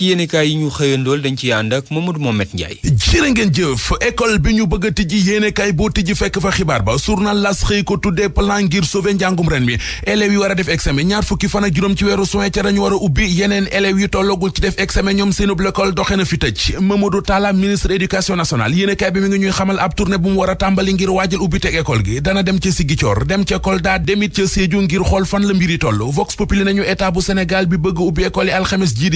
ci yéenekaay yi ñu xëyandool dañ ci ànd ak Mamadou Mohamed Ndiaye jërë ngeen jëf école bi ñu bëgg a tijji yéenekaay boo tijji fekk fa xibaar ba journal L'As xëy ko tuddee plan ngir sauver njàngum ren mi élèves yi war a def examen ñaar fukki fan ak juróom ci weeru juin ca dañu war a ubbi yeneen élèves yi tollagul ci def examen ñoom seenub école doxee na fi tëj Mamadou Talla ministre éducation nationale yéenekaay bi mi ngi ñuy xamal ab tournée bu mu a tàmbali ngir waajal ubbi teg école gi dana dem ca Ziguinchor dem bi bëgg ubbi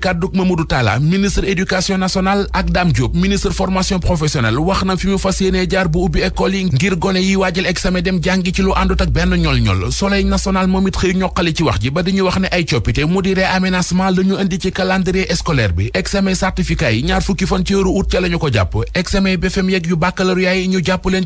kàdduk Mamadou Talla ministre éducation nationale ak Dame Diop ministre formation professionnelle wax na fi mu fas yéenee jaar bu ubbi école yi ngir gone yi waajal examen dem jàngi ci lu àndut ak benn ñol-ñol soleil national moom it xëy ñoqali ci wax ji ba dañuy wax ne ay coppite mu di réaménagement la ñu indi ci calendrier scolaire bi examen certificat yi ñaar fukki fan ci weeru août ca la ko jàpp examen BFEM yeeg yu baccalauréat yi ñu jàpp leen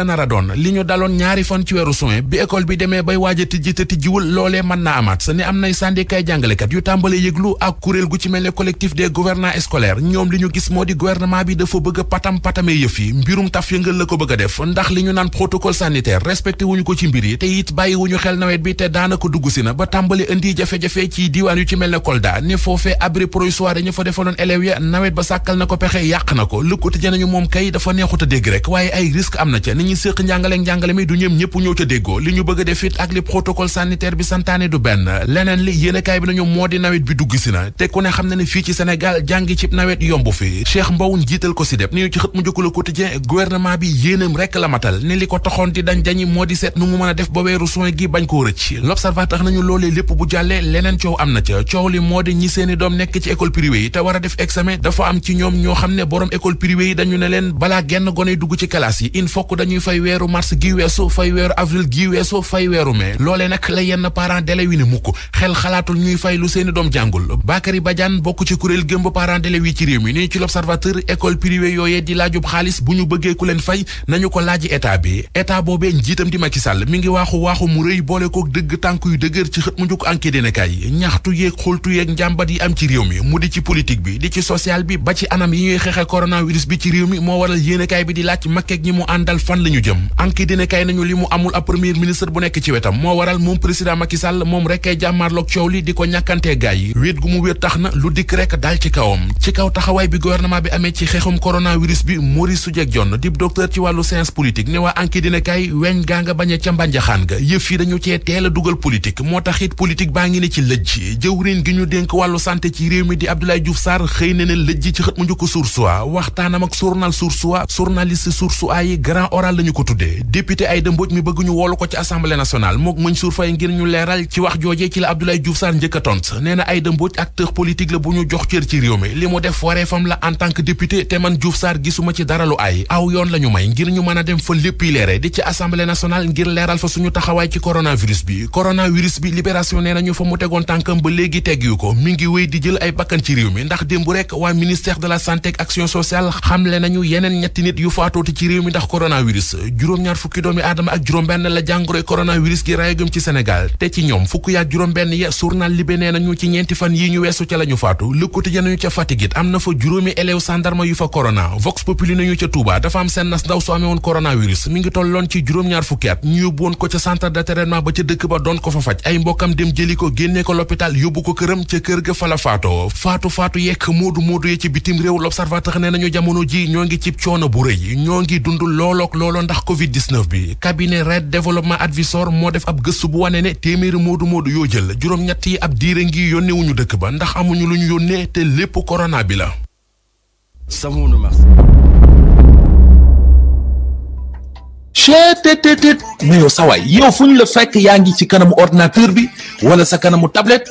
la nar a li ñu daloon ñaari fan ci weeru juin bi école bi demee bay waaj a tijji te tijjiwul loolee mën naa amaat sa ne am nay syndicat jàngalekat yu tàmbale yëglu ak kuréel gu ci mel ne collectif des gouvernants scolaires ñoom li ñu gis moo di gouvernement bi dafa bëgg a patam patamee yëf yi mbirum taf yëngal la ko bëgg a def ndax li ñu naan protocole sanitaire respecté wuñu ko ci mbir yi te it bàyyi wuñu xel nawet bi te daanaka dugg si na ba a ñi sëq njàngaleeg njàngale mi du ñëm ñëpp ñoo ca déggoo li ñu bëgg a def moo di nawet bi dugg si na te ku ne xam na ne fii ci Sénégal jàngi cib nawet yomb fi Cheikh Mbow njiital ko si def ni ñu ci xët mu njëkk la quotidien gouvernement bi yéenam rekk la matal ne li ko toxoon di dañ dañi moo di seet nu mu mën a def ba weeru soin gi bañ koo rëcc l'observateur nañu loolee lépp bu jàllee leneen coow am na ca coow li moo di ñi seeni doom nekk ci école privée yi te war a def examen dafa am ci ñoom ñoo xam ne boroom école privée yi dañu ne leen balaa genn gone dugg ci classe yi in fokk dañuy ñuy fay weeru mars gi weesu fay weeru avril gi weesu fay weeru mai loolee nag la yenn parents d'élèves yi mukk xel xalaatul ñuy fay lu seeni doom jàngul Bakary Badiane bokk ci kuréel gëmb parents d'élèves ci réew mi nii ci l'observateur école privée yooyee di laajub xaalis bu ñu bëggee leen fay nañu ko laaji état bi état boobee njiitam di Macky Sall mi ngi waaxu waaxu mu rëy boole ko dëgg tànk yu dëgër ci xët mu njukk enquête dina kay ñaxtu yeeg xultu yeeg li ñu jëm enquête dina kay nañu li mu amul ab premier ministre bu nekk ci wetam moo waral moom président Macky Sall moom rek kay jàmmaarloog coow li di ko ñàkkantee gaay yi wéet gu mu wéet tax na lu dikk rek daal ci kawam ci kaw taxawaay bi gouvernement bi amee ci xeexum coronavirus bi Maurice Soudieck Dione di docteur ci wàllu science politique ne waa enquête dina kay weñ gaa nga bañ a ca mbànjaxaan ga yëf yi dañu cee teel a dugal politique moo tax it politique baa ngi ne ci lëj jëwriñ gi ñu dénk wàllu santé ci réew mi di Abdoulaye Diouf Sarr xëy na ne lëj A waxtaanam ak journal Source A journaliste Source A yi grand nationale la ñu ko tuddee député Aïda Mbodj mi bëgg ñu ko ci assemblée nationale mook Mansour Faye ngir ñu leeral ci wax joojee ci la Abdoulaye Diouf Sarr njëkk a tont nee na Aïda Mbodj la bu ñu jox cër ci réew mi li mu def waree la en tant que te man Diouf gisuma ci dara lu ay aw yoon may ngir ñu mën a dem fa léppi leere di ci assemblée nationale ngir leeral fa suñu taxawaay ci coronavirus bi bi libération nee nañu fa mu tegoon tànkam coronavirus juróom-ñaar fukki doomi aadama ak juróom-benn la jàngoroy coronavirus gi rayagum ci Sénégal te ci ñoom fukk yaak juróom-benn ya journal Libé nee nañu ci ñeenti fan yi ñu weesu ca la ñu faatu Le Quotidien nañu ca Fatick am na fa juróomi élève sandarma yu fa corona Vox Populi nañu ca Touba dafa am seen nas ndaw su amee woon coronavirus ngi tolloon ci juróom-ñaar fukki at ñu yóbbu woon ko ca centre de traitement ba ca dëkk ba doon ko fa faj ay mbokkam dem jëli ko génnee ko l'hôpital yóbbu la faatoo faatu faatu yekk jamono ji ñoo ngi coono bu rëy looloo ndax covid 19 bi cabinet Red Development Advisor moo def ab gëstu bu wane ne téeméeri moodu moodu yoo jël juróom-ñett yi ab diire ngi yónneewuñu dëkk ba ndax amuñu lu yónnee te lépp corona bi la chetttt mais yow sawaay yow fu ñu la fekk yaa ngi ci kanamu ordinateur bi wala sa kanamu tablette